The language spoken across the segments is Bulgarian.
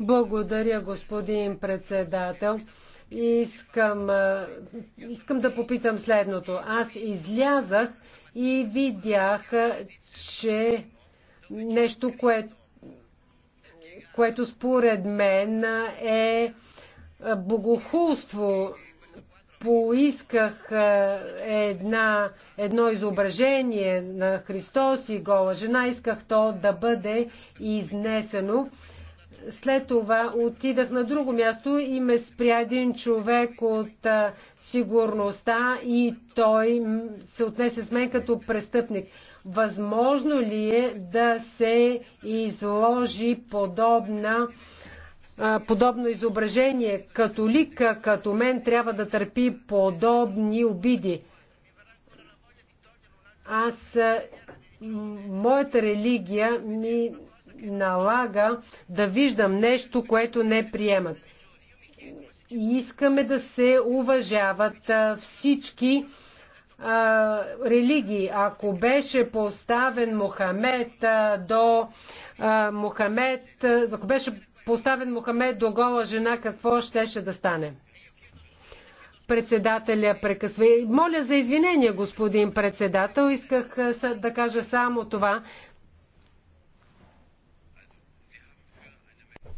Благодаря, господин председател. Искам, искам да попитам следното. Аз излязах и видях, че нещо, кое, което според мен е богохулство. Поисках една, едно изображение на Христос и гола жена, исках то да бъде изнесено след това отидах на друго място и ме спря един човек от а, сигурността и той се отнесе с мен като престъпник. Възможно ли е да се изложи подобна подобно изображение. Католика като мен трябва да търпи подобни обиди. Аз, моята религия ми налага да виждам нещо, което не приемат. И искаме да се уважават всички а, религии. Ако беше поставен Мохамед а, до а, Мохамед, ако беше поставен Мохамед до гола жена, какво щеше да стане? Председателя прекъсва. Моля за извинение, господин председател. Исках да кажа само това.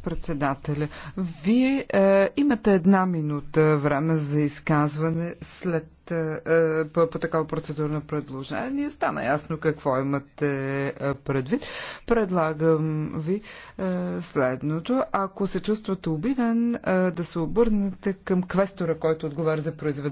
Председателя, вие е, имате една минута време за изказване след е, е, по, по такова процедурно предложение. Стана ясно какво имате е, предвид. Предлагам ви е, следното. Ако се чувствате обиден, е, да се обърнете към квестора, който отговаря за произведението.